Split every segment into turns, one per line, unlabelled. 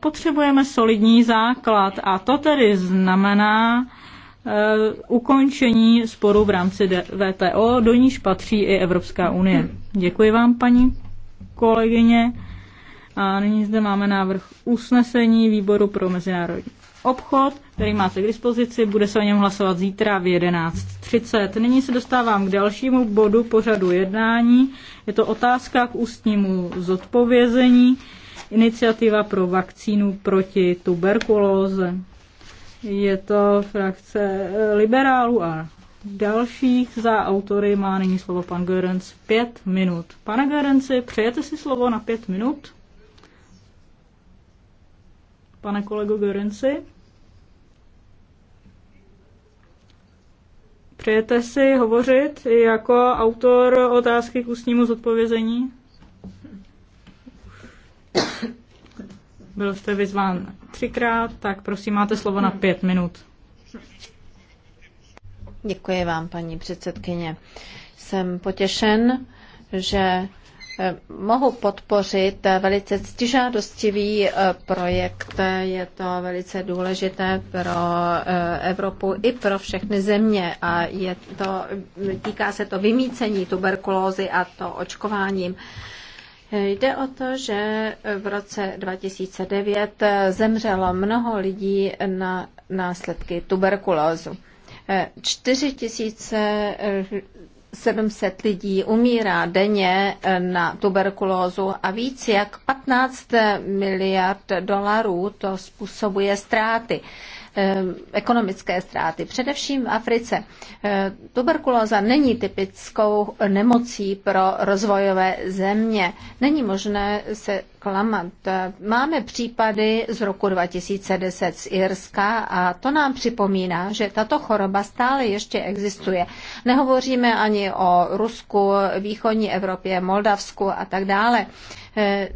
Potřebujeme solidní základ a to tedy znamená eh, ukončení sporu v rámci VTO, do níž patří i Evropská unie. Děkuji vám, paní kolegyně. A nyní zde máme návrh usnesení výboru pro mezinárodní obchod, který máte k dispozici. Bude se o něm hlasovat zítra v 11.30. Nyní se dostávám k dalšímu bodu pořadu jednání. Je to otázka k ústnímu zodpovězení iniciativa pro vakcínu proti tuberkulóze. Je to frakce eh, liberálů a dalších. Za autory má nyní slovo pan Görenc pět minut. Pane Görenci, přejete si slovo na pět minut? Pane kolego Görenci? Přejete si hovořit jako autor otázky k ústnímu zodpovězení? Byl jste vyzván třikrát, tak prosím, máte slovo na pět minut.
Děkuji vám, paní předsedkyně. Jsem potěšen, že eh, mohu podpořit eh, velice ctižádostivý eh, projekt. Je to velice důležité pro Evropu i pro všechny země a je to, týká se to vymícení tuberkulózy a to očkováním. Jde o to, že v roce 2009 zemřelo mnoho lidí na následky tuberkulózu. 4700 lidí umírá denně na tuberkulózu a víc jak 15 miliard dolarů to způsobuje ztráty. Eh, ekonomické ztráty. Především v Africe. Eh, tuberkulóza není typickou nemocí pro rozvojové země. Není možné se klamat. Máme případy z roku 2010 z Irska a to nám připomíná, že tato choroba stále ještě existuje. Nehovoříme ani o Rusku, východní Evropě, Moldavsku a tak dále. Eh,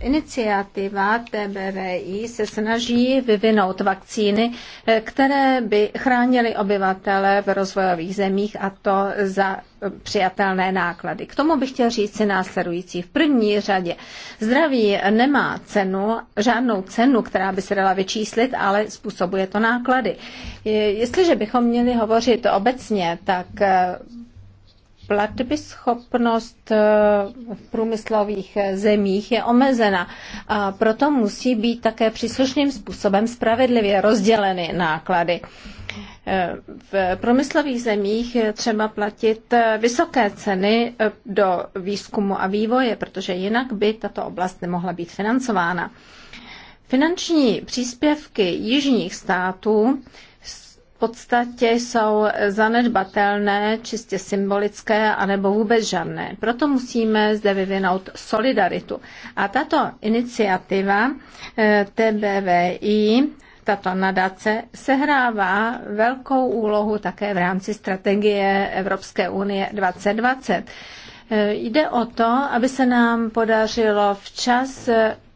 iniciativa TBVI se snaží vyvinout vakcíny, eh, které by chránily obyvatele v rozvojových zemích a to za eh, přijatelné náklady. K tomu bych chtěl říct si následující. V první řadě zdraví nemá cenu, žádnou cenu, která by se dala vyčíslit, ale způsobuje to náklady. Jestliže bychom měli hovořit obecně, tak eh, schopnost eh, v průmyslových eh, zemích je omezena a proto musí být také příslušným způsobem spravedlivě rozděleny náklady. Eh, v průmyslových zemích je třeba platit vysoké ceny do výzkumu a vývoje, protože jinak by tato oblast nemohla být financována. Finanční příspěvky jižních států podstatě jsou zanedbatelné, čistě symbolické, anebo vůbec žádné. Proto musíme zde vyvinout solidaritu. A tato iniciativa eh, TBVI, tato nadace, sehrává velkou úlohu také v rámci strategie Evropské unie 2020. Eh, jde o to, aby se nám podařilo včas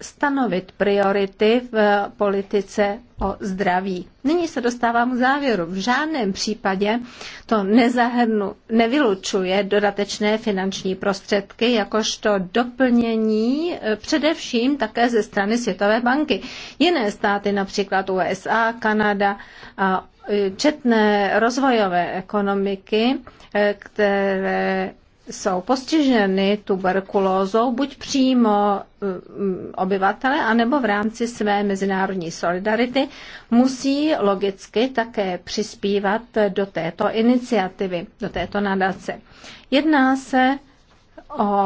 stanovit priority v eh, politice o zdraví. Nyní se dostávám k závěru. V žádném případě to nezahrnu, nevylučuje dodatečné finanční prostředky, jakožto doplnění eh, především také ze strany Světové banky. Jiné státy, například USA, Kanada a eh, četné rozvojové ekonomiky, které jsou postiženy tuberkulózou buď přímo mm, obyvatele, anebo v rámci své mezinárodní solidarity, musí logicky také přispívat do této iniciativy, do této nadace. Jedná se o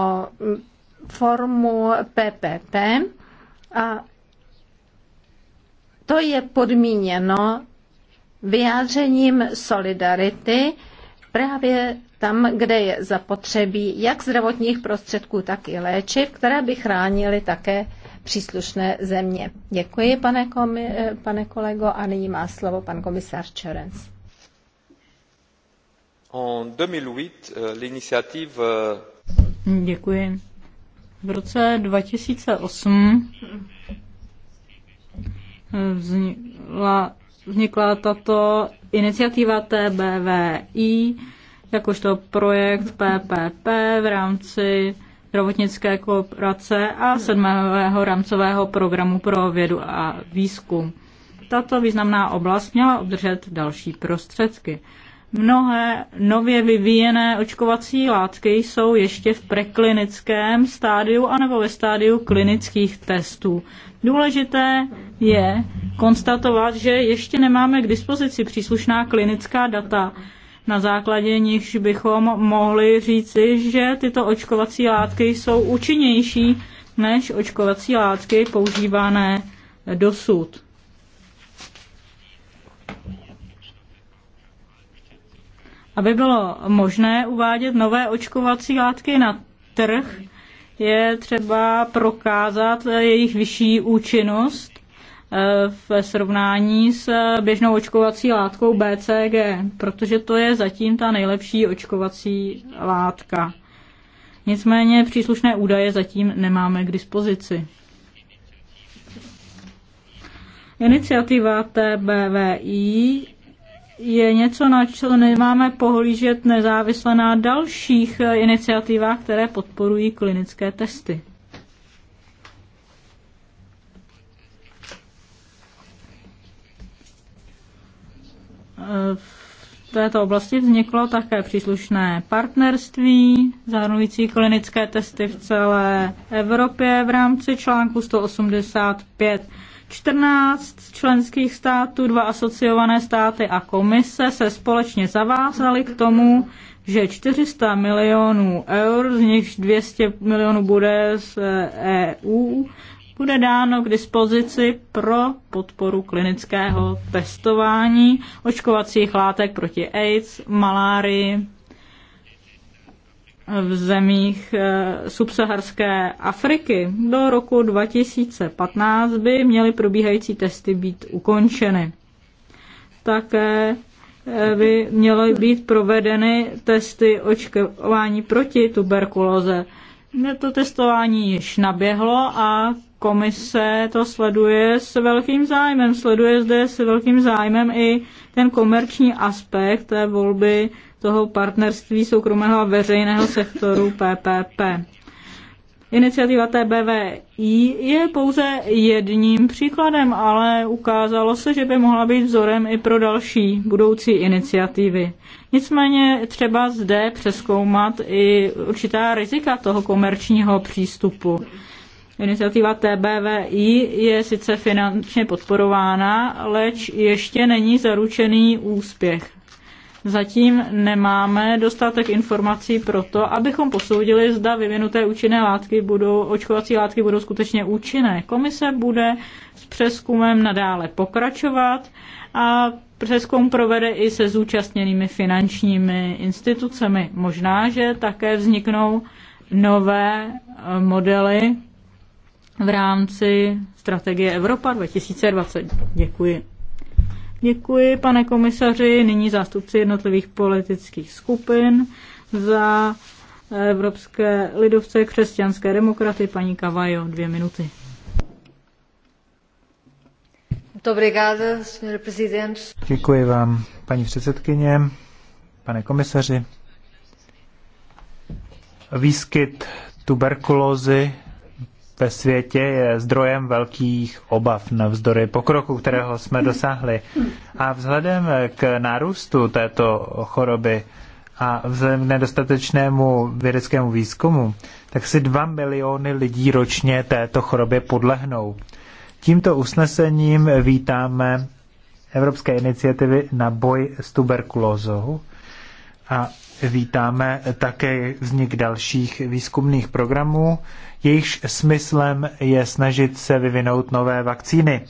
formu PPP a to je podmíněno vyjádřením solidarity právě tam, kde je zapotřebí jak zdravotních prostředků, tak i léčiv, které by chránily také příslušné země. Děkuji, pane, komi- pane kolego, a nyní má slovo pan komisář Čerens. En 2008, euh,
euh, Děkuji. V roce 2008 euh, vznikla, vznikla tato iniciativa TBVI, jakožto projekt PPP v rámci zdravotnické kooperace a sedmého rámcového programu pro vědu a výzkum. Tato významná oblast měla obdržet další prostředky. Mnohé nově vyvíjené očkovací látky jsou ještě v preklinickém stádiu anebo ve stádiu klinických testů. Důležité je konstatovat, že ještě nemáme k dispozici příslušná klinická data, na základě nichž bychom mohli říci, že tyto očkovací látky jsou účinnější než očkovací látky používané dosud. Aby bylo možné uvádět nové očkovací látky na trh, je třeba prokázat jejich vyšší účinnost eh, ve srovnání s eh, běžnou očkovací látkou BCG, protože to je zatím ta nejlepší očkovací látka. Nicméně příslušné údaje zatím nemáme k dispozici. Iniciativa TBVI je něco, na co nemáme pohlížet nezávisle na dalších eh, iniciativách, které podporují klinické testy. Eh, v této oblasti vzniklo také příslušné partnerství zahrnující klinické testy v celé Evropě v rámci článku 185 14 členských států, dva asociované státy a komise se společně zavázaly k tomu, že 400 milionů eur, z nichž 200 milionů bude z EU, bude dáno k dispozici pro podporu klinického testování očkovacích látek proti AIDS, malárii, v zemích eh, subsaharské Afriky. Do roku 2015 by měly probíhající testy být ukončeny. Také eh, by měly být provedeny testy očkování proti tuberkulóze. To testování již naběhlo a komise to sleduje s velkým zájmem. Sleduje zde s velkým zájmem i ten komerční aspekt té volby toho partnerství soukromého a veřejného sektoru PPP. Iniciativa TBVI je pouze jedním příkladem, ale ukázalo se, že by mohla být vzorem i pro další budoucí iniciativy. Nicméně třeba zde přeskoumat i určitá rizika toho komerčního přístupu. Iniciativa TBVI je sice finančně podporována, leč ještě není zaručený úspěch. Zatím nemáme dostatek informací pro to, abychom posoudili, zda vyvinuté účinné látky budou, očkovací látky budou skutečně účinné. Komise bude s přeskumem nadále pokračovat a přeskum provede i se zúčastněnými finančními institucemi. Možná, že také vzniknou nové eh, modely v rámci strategie Evropa 2020. Děkuji. Děkuji, pane komisaři, nyní zástupci jednotlivých politických skupin za Evropské lidovce křesťanské demokraty, paní Kavajo, dvě minuty.
Děkuji vám, paní předsedkyně, pane komisaři. Výskyt tuberkulózy ve světě je zdrojem velkých obav navzdory pokroku, kterého jsme dosáhli. A vzhledem k nárůstu této choroby a vzhledem k nedostatečnému vědeckému výzkumu, tak si dva miliony lidí ročně této chorobě podlehnou. Tímto usnesením vítáme Evropské iniciativy na boj s tuberkulózou a Vítáme také vznik dalších výzkumných programů, jejichž smyslem je snažit se vyvinout nové vakcíny.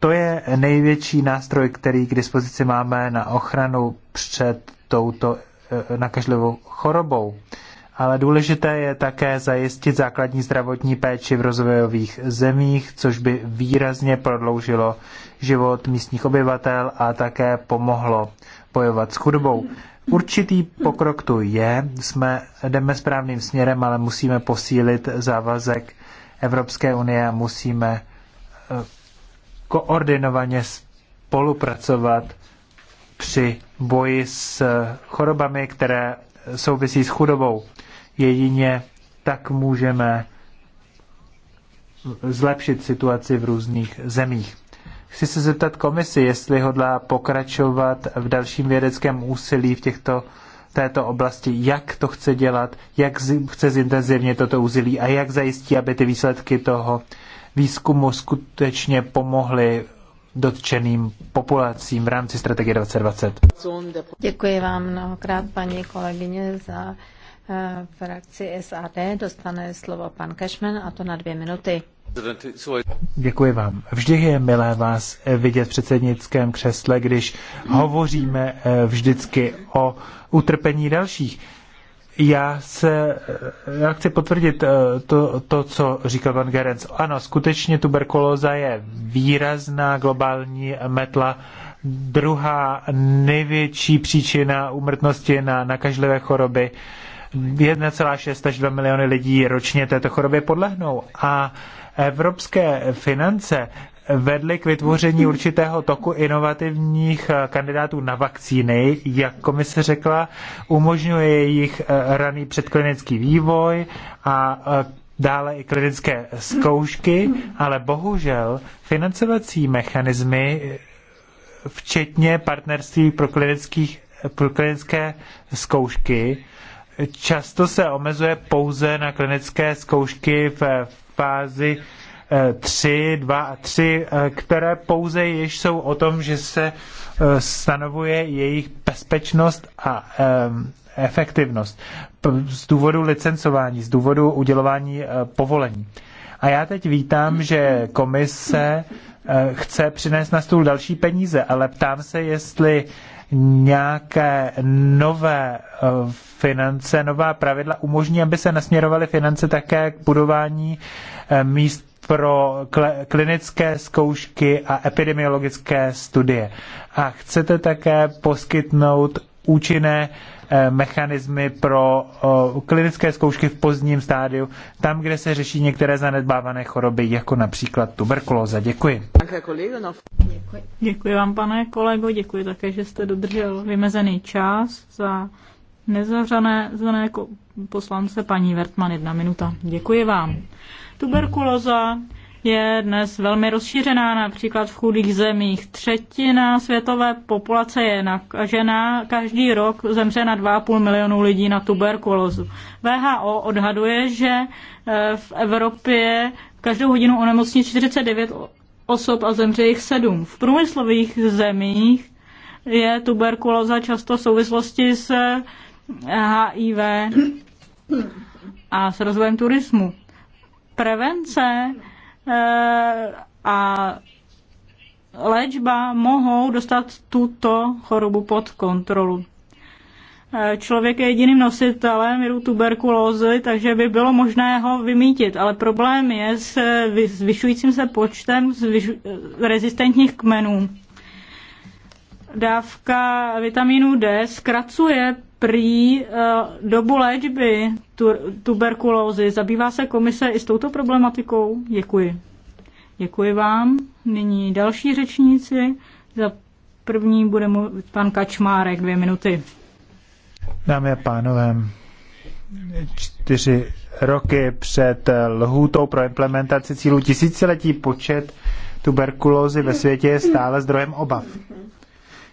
To je největší nástroj, který k dispozici máme na ochranu před touto eh, nakažlivou chorobou. Ale důležité je také zajistit základní zdravotní péči v rozvojových zemích, což by výrazně prodloužilo život místních obyvatel a také pomohlo bojovat s chudobou. Určitý pokrok tu je, jsme, jdeme správným směrem, ale musíme posílit závazek Evropské unie a musíme eh, koordinovaně spolupracovat při boji s eh, chorobami, které eh, souvisí s chudobou. Jedině tak můžeme zlepšit situaci v různých zemích. Chci se zeptat komisi, jestli hodlá pokračovat v dalším vědeckém úsilí v těchto této oblasti, jak to chce dělat, jak z, chce zintenzivně toto úsilí a jak zajistí, aby ty výsledky toho výzkumu skutečně pomohly dotčeným populacím v rámci strategie 2020.
Děkuji vám mnohokrát, paní kolegyně, za v eh, SAD dostane slovo pan Cashman a to na dvě minuty.
Děkuji vám. Vždy je milé vás vidět v předsednickém křesle, když hovoříme eh, vždycky o utrpení dalších. Já se, eh, já chci potvrdit to, to co říkal pan Gerenc. Ano, skutečně tuberkulóza je výrazná globální metla. Druhá největší příčina úmrtnosti na nakažlivé choroby. 1,6 až 2 miliony lidí ročně této chorobě podlehnou a evropské finance vedly k vytvoření určitého toku inovativních eh, kandidátů na vakcíny, jak komise řekla, umožňuje jejich eh, raný předklinický vývoj a eh, dále i klinické zkoušky, ale bohužel financovací mechanismy, včetně partnerství pro, klinických, pro klinické zkoušky, často se omezuje pouze na klinické zkoušky v fázi 3, eh, 2 a 3, eh, které pouze již jsou o tom, že se eh, stanovuje jejich bezpečnost a efektivnost z důvodu licencování, z důvodu udělování povolení. A já teď vítám, že komise Eh, chce přinést na stůl další peníze, ale ptám se, jestli nějaké nové eh, finance, nová pravidla umožní, aby se nasměrovaly finance také k budování eh, míst pro klinické zkoušky a epidemiologické studie. A chcete také poskytnout účinné Eh, mechanismy pro eh, klinické zkoušky v pozdním stádiu, tam, kde se řeší některé zanedbávané choroby, jako například tuberkulóza. Děkuji.
Děkuji. Děkuji vám, pane kolego, děkuji také, že jste dodržel vymezený čas za nezavřené jako poslance paní Vertman jedna minuta. Děkuji vám. Tuberkulóza je dnes velmi rozšířená, například v chudých zemích. Třetina světové populace je nakažená, každý rok zemře na 2,5 milionu lidí na tuberkulózu. VHO odhaduje, že e, v Evropě každou hodinu onemocní 49 osob a zemře jich 7. V průmyslových zemích je tuberkulóza často v souvislosti s e, HIV a s rozvojem turismu. Prevence Eh, a léčba mohou dostat tuto chorobu pod kontrolu. Eh, člověk je jediným nositelem viru tuberkulózy, takže by bylo možné ho vymítit, ale problém je s eh, zvyšujícím se počtem zvyšu- rezistentních kmenů. Dávka vitamínu D zkracuje prý eh, dobu léčby tu, tuberkulózy. Zabývá se komise i s touto problematikou? Děkuji. Děkuji vám. Nyní další řečníci. Za první bude mluvit pan Kačmárek
dvě minuty. Dámy a pánové, čtyři roky před lhůtou pro implementaci cílů tisíciletí počet tuberkulózy ve světě je stále zdrojem obav.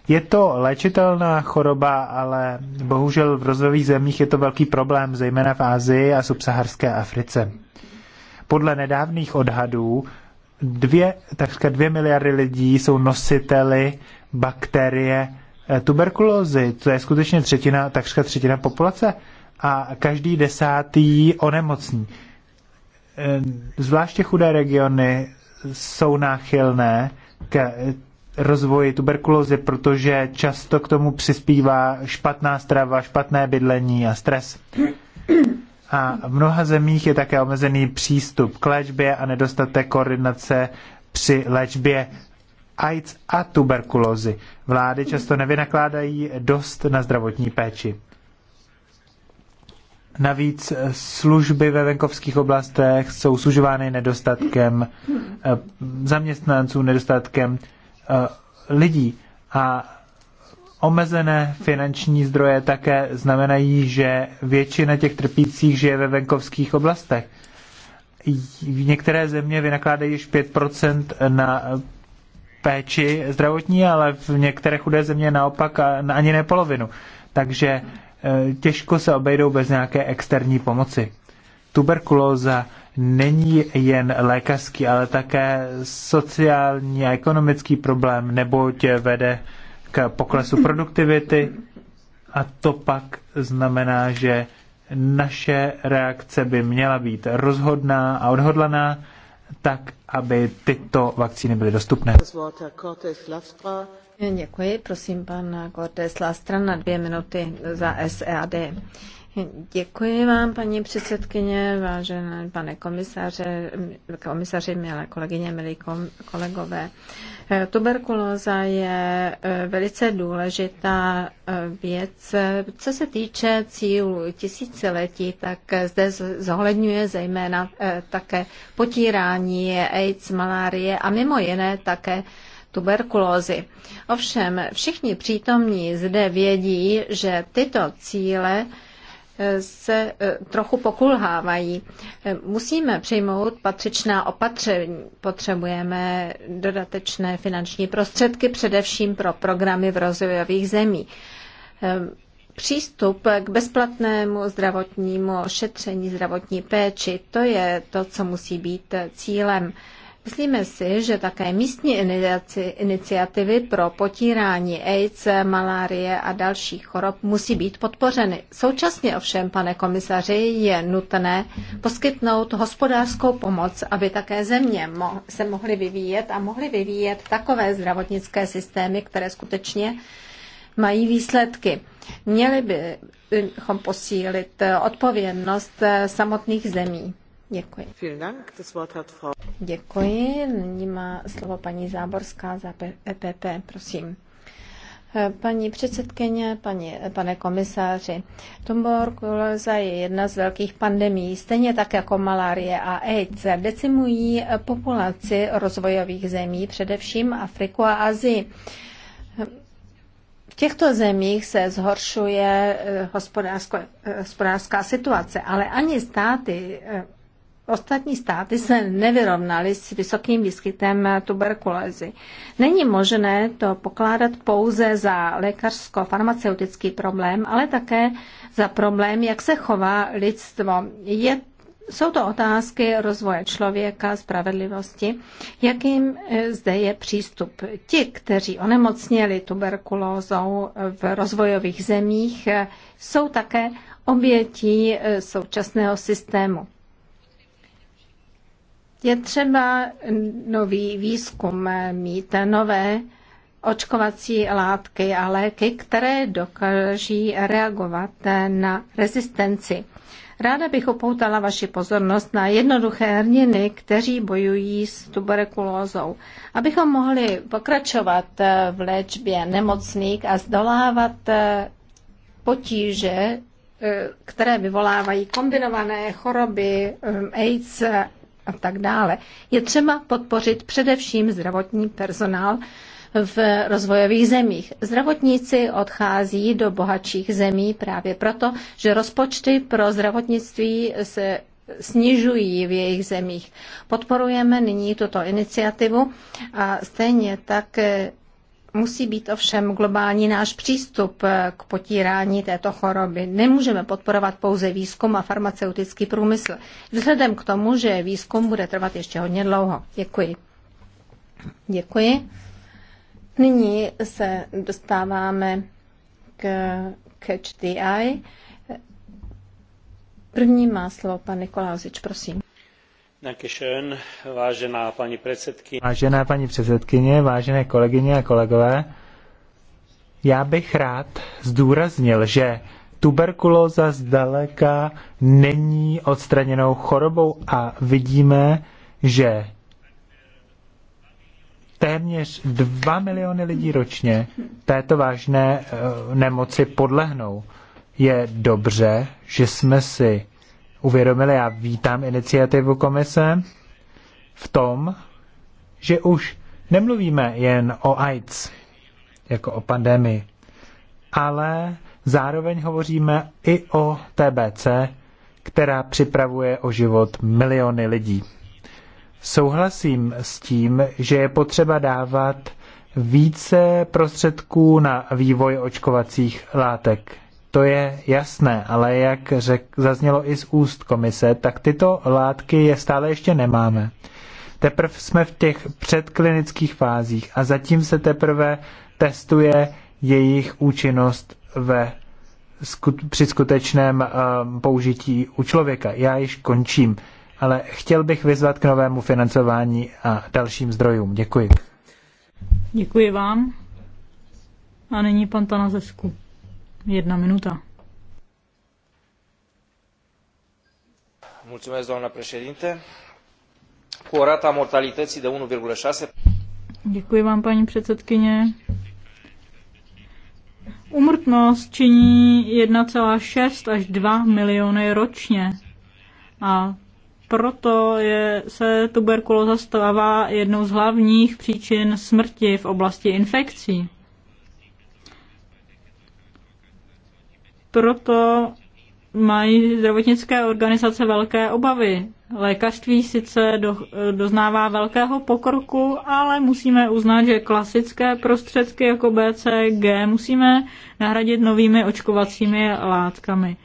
Je to léčitelná choroba, ale bohužel v rozvojových zemích je to velký problém, zejména v Asii a subsaharské Africe. Podle nedávných odhadů dvě, takřka dvě miliardy lidí jsou nositeli bakterie eh, tuberkulózy. To je skutečně třetina, takřka třetina populace a každý desátý onemocní. Eh, zvláště chudé regiony jsou náchylné k rozvoji tuberkulózy, protože často k tomu přispívá špatná strava, špatné bydlení a stres. A v mnoha zemích je také omezený přístup k léčbě a nedostatek koordinace při léčbě AIDS a tuberkulózy. Vlády často nevynakládají dost na zdravotní péči. Navíc služby ve venkovských oblastech jsou sužovány nedostatkem eh, zaměstnanců, nedostatkem Eh, lidí. A omezené finanční zdroje také znamenají, že většina těch trpících žije ve venkovských oblastech. V Některé země vynakládají již 5% na péči zdravotní, ale v některé chudé země naopak ani ne polovinu. Takže eh, těžko se obejdou bez nějaké externí pomoci. Tuberkulóza není jen lékařský, ale také sociální a ekonomický problém, neboť vede k poklesu produktivity a to pak znamená, že naše reakce by měla být rozhodná a odhodlaná, tak, aby tyto vakcíny byly dostupné.
Děkuji. Prosím, pan Cortés Lastra na dvě minuty za SEAD. Děkuji vám, paní předsedkyně, vážené pane komisaře, komisaři, milé kolegyně, milí kolegové. Tuberkulóza je eh, velice důležitá eh, věc. Co se týče cílů tisíciletí, tak zde zohledňuje zejména eh, také potírání AIDS, malárie a mimo jiné také tuberkulózy. Ovšem všichni přítomní zde vědí, že tyto cíle se eh, trochu pokulhávají. Eh, musíme přijmout patřičná opatření. Potřebujeme dodatečné finanční prostředky, především pro programy v rozvojových zemí. Eh, přístup k bezplatnému zdravotnímu šetření, zdravotní péči, to je to, co musí být cílem Myslíme si, že také místní iniciativy pro potírání AIDS, malárie a dalších chorob musí být podpořeny. Současně ovšem, pane komisaři, je nutné poskytnout hospodářskou pomoc, aby také země se mohly vyvíjet a mohly vyvíjet takové zdravotnické systémy, které skutečně mají výsledky. Měli bychom posílit odpovědnost samotných zemí. Děkuji. Děkuji. Nyní má slovo paní Záborská za EPP, prosím. Paní předsedkyně, paní, pane komisáři, tuberkulóza je jedna z velkých pandemí, stejně tak jako malárie a AIDS. Decimují populaci rozvojových zemí, především Afriku a Azii. V těchto zemích se zhoršuje eh, eh, hospodářská situace, ale ani státy eh, Ostatní státy se nevyrovnaly s vysokým výskytem tuberkulózy. Není možné to pokládat pouze za lékařsko-farmaceutický problém, ale také za problém, jak se chová lidstvo. Je jsou to otázky rozvoje člověka, spravedlivosti, jakým eh, zde je přístup. Ti, kteří onemocněli tuberkulózou v rozvojových zemích, eh, jsou také obětí eh, současného systému. Je třeba nový výzkum mít nové očkovací látky a léky, které dokáží reagovat na rezistenci. Ráda bych upoutala vaši pozornost na jednoduché hrniny, kteří bojují s tuberkulózou. Abychom mohli pokračovat v léčbě nemocných a zdolávat potíže, eh, které vyvolávají kombinované choroby eh, AIDS a tak dále. Je třeba podpořit především zdravotní personál v rozvojových zemích. Zdravotníci odchází do bohatších zemí právě proto, že rozpočty pro zdravotnictví se snižují v jejich zemích. Podporujeme nyní tuto iniciativu a stejně tak Musí být ovšem globální náš přístup eh, k potírání této choroby. Nemůžeme podporovat pouze výzkum a farmaceutický průmysl, vzhledem k tomu, že výzkum bude trvat ještě hodně dlouho. Děkuji. Děkuji. Nyní se dostáváme k Catch the Eye. První má slovo pan
Nikolázič, prosím. Vážená paní předsedkyně. paní předsedkyně, vážené kolegyně a kolegové, já bych rád zdůraznil, že tuberkulóza zdaleka není odstraněnou chorobou a vidíme, že téměř 2 miliony lidí ročně této vážné eh, nemoci podlehnou. Je dobře, že jsme si uvědomili, já vítám iniciativu komise v tom, že už nemluvíme jen o AIDS, jako o pandemii, ale zároveň hovoříme i o TBC, která připravuje o život miliony lidí. Souhlasím s tím, že je potřeba dávat více prostředků na vývoj očkovacích látek to je jasné, ale jak řek, zaznělo i z úst komise, tak tyto látky je stále ještě nemáme. Teprve jsme v těch předklinických fázích a zatím se teprve testuje jejich účinnost ve, při skutečném um, použití u člověka. Já již končím, ale chtěl bych vyzvat k novému financování a dalším zdrojům. Děkuji.
Děkuji vám. A nyní pan Tanazesku. Jedna minuta.
Mulțumesc, doamna președinte. Cu o rata mortalității de 1,6...
Děkuji vám, paní předsedkyně. Umrtnost činí 1,6 až 2 miliony ročně a proto je, se tuberkulóza stává jednou z hlavních příčin smrti v oblasti infekcí. Proto mají zdravotnické organizace velké obavy. Lékařství sice do, doznává velkého pokroku, ale musíme uznat, že klasické prostředky jako BCG musíme nahradit novými očkovacími látkami.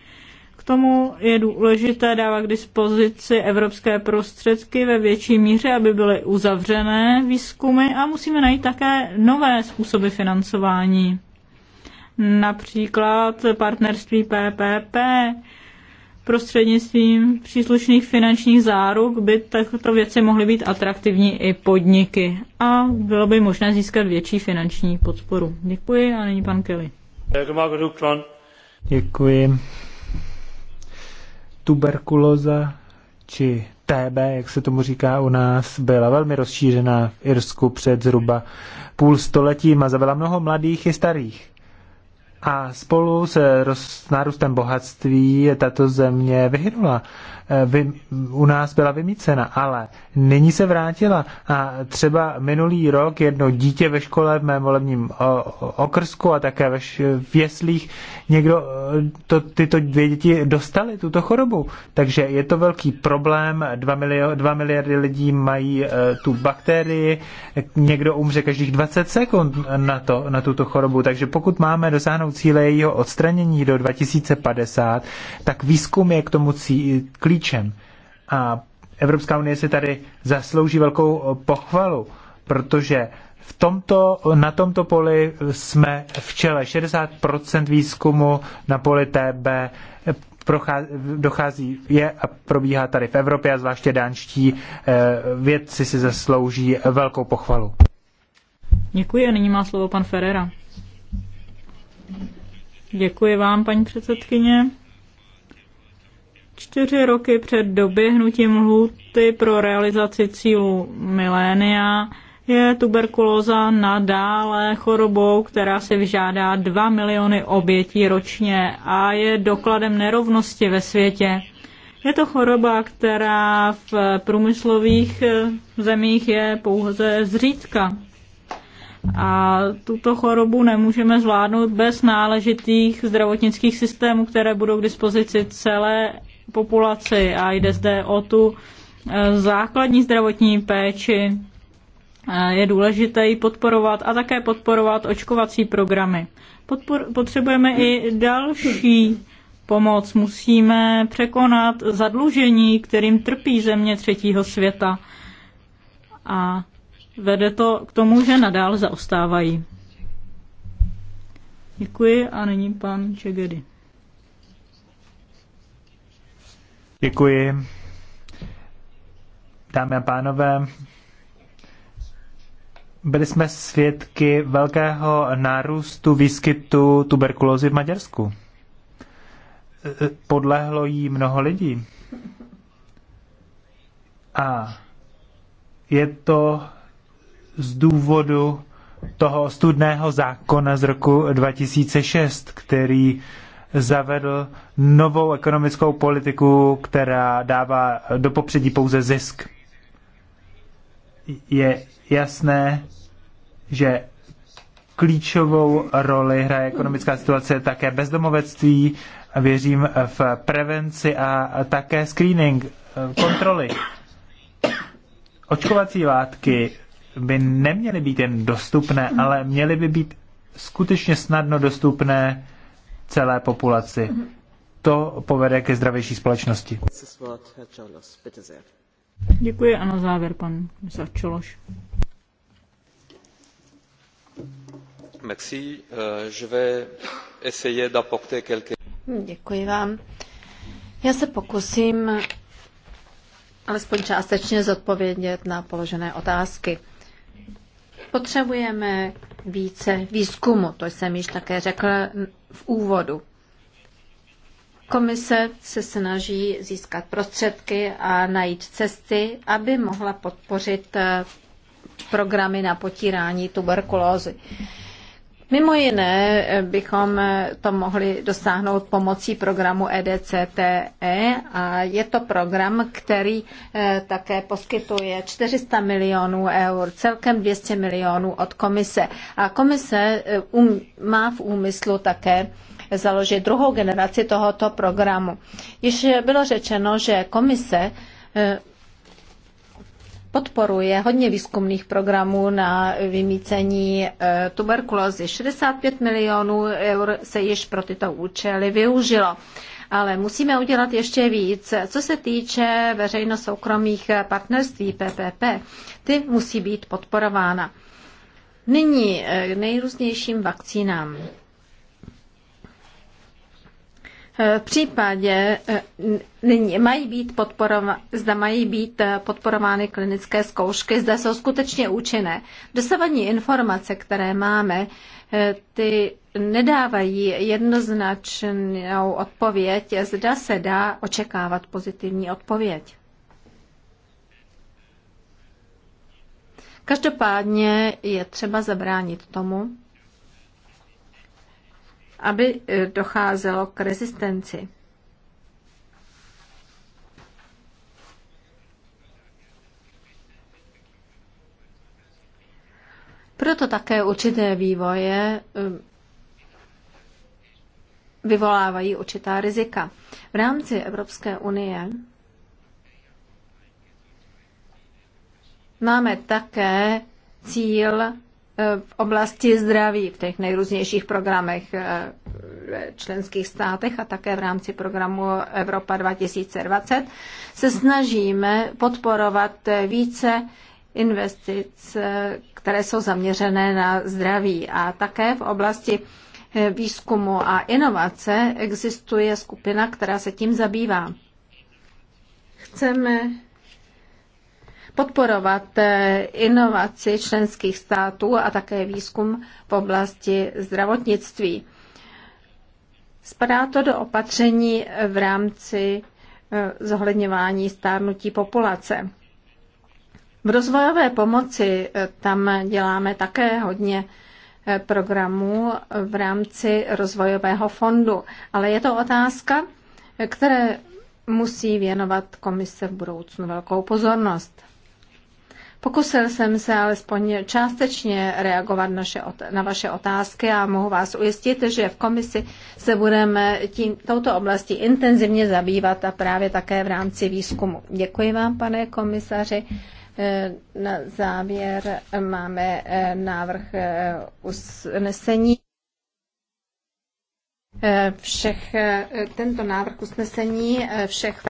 K tomu je důležité dávat k dispozici evropské prostředky ve větší míře, aby byly uzavřené výzkumy a musíme najít také nové způsoby financování například partnerství PPP. Prostřednictvím příslušných finančních záruk by takto věci mohly být atraktivní i podniky a bylo by možné získat větší finanční podporu. Děkuji a nyní pan Kelly.
Děkuji. Tuberkulóza či TB, jak se tomu říká u nás, byla velmi rozšířená v Irsku před zhruba půl stoletím a zavela mnoho mladých i starých. A spolu s nárůstem bohatství tato země vyhynula. Eh, vy, u nás byla vymícena, ale nyní se vrátila. A třeba minulý rok jedno dítě ve škole v mém volebním okrsku a také ve v jeslích někdo, eh, to, tyto dvě děti dostali tuto chorobu. Takže je to velký problém. Dva, milio, dva miliardy lidí mají eh, tu bakterii. Někdo umře každých 20 sekund na, to, na tuto chorobu. Takže pokud máme dosáhnout cíle jejího odstranění do 2050, tak výzkum je k tomu cí, klíč klíčem. A Evropská unie si tady zaslouží velkou eh, pochvalu, protože v tomto, na tomto poli jsme v čele 60% výzkumu na poli TB eh, dochází, je a probíhá tady v Evropě a zvláště dánští eh, vědci si zaslouží velkou pochvalu.
Děkuji a nyní má slovo pan Ferrera. Děkuji vám, paní předsedkyně. Čtyři roky před doběhnutím lhůty pro realizaci cílů milénia je tuberkulóza nadále chorobou, která si vyžádá 2 miliony obětí ročně a je dokladem nerovnosti ve světě. Je to choroba, která v průmyslových eh, zemích je pouze zřídka. A tuto chorobu nemůžeme zvládnout bez náležitých zdravotnických systémů, které budou k dispozici celé populaci a jde zde o tu eh, základní zdravotní péči. Eh, je důležité ji podporovat a také podporovat očkovací programy. Podpor- potřebujeme i další pomoc. Musíme překonat zadlužení, kterým trpí země třetího světa. A vede to k tomu, že nadál zaostávají. Děkuji a nyní pan Čegedy.
Děkuji. Dámy a pánové, byli jsme svědky velkého nárůstu výskytu tuberkulózy v Maďarsku. Podlehlo jí mnoho lidí. A je to z důvodu toho studného zákona z roku 2006, který zavedl novou ekonomickou politiku, která dává do popředí pouze zisk. Je jasné, že klíčovou roli hraje ekonomická situace také bezdomovectví, věřím v prevenci a také screening, eh, kontroly. Očkovací látky by neměly být jen dostupné, ale měly by být skutečně snadno dostupné celé populaci. To povede ke zdravější společnosti.
Děkuji a na závěr pan komisař Čološ.
Merci. Euh, je vais essayer
d'apporter quelques...
Děkuji vám. Já se pokusím alespoň částečně zodpovědět na položené otázky. Potřebujeme více výzkumu, to jsem již také řekla v úvodu. Komise se snaží získat prostředky a najít cesty, aby mohla podpořit eh, programy na potírání tuberkulózy. Mimo jiné eh, bychom eh, to mohli dosáhnout pomocí programu EDCTE e a je to program, který eh, také poskytuje 400 milionů eur, celkem 200 milionů od komise. A komise um, má v úmyslu také založit druhou generaci tohoto programu. Již bylo řečeno, že komise podporuje hodně výzkumných programů na vymícení eh, tuberkulózy. 65 milionů eur se již pro tyto účely využilo ale musíme udělat ještě víc. Co se týče veřejno-soukromých partnerství PPP, ty musí být podporována. Nyní eh, k nejrůznějším vakcínám. Eh, v případě eh, mají být podporovány, zda mají být eh, podporovány klinické zkoušky, zda jsou skutečně účinné. Dosavadní informace, které máme, ty nedávají jednoznačnou odpověď, zda se dá očekávat pozitivní odpověď. Každopádně je třeba zabránit tomu, aby eh, docházelo k rezistenci. Proto také určité vývoje eh, vyvolávají určitá rizika. V rámci Evropské unie máme také cíl v oblasti zdraví, v těch nejrůznějších programech eh, členských státech a také v rámci programu Evropa 2020 se snažíme podporovat více investic, eh, které jsou zaměřené na zdraví. A také v oblasti eh, výzkumu a inovace existuje skupina, která se tím zabývá. Chceme podporovat eh, inovaci členských států a také výzkum v oblasti zdravotnictví. Spadá to do opatření v rámci eh, zohledňování stárnutí populace. V rozvojové pomoci eh, tam děláme také hodně programů v rámci rozvojového fondu, ale je to otázka, které musí věnovat komise v budoucnu velkou pozornost. Pokusil jsem se alespoň částečně reagovat naše, na vaše otázky a mohu vás ujistit, že v komisi se budeme tím, touto oblasti intenzivně zabývat a právě také v rámci výzkumu. Děkuji vám, pane komisaři. Eh, na závěr máme eh, návrh eh, usnesení. Všech, tento návrh usnesení všech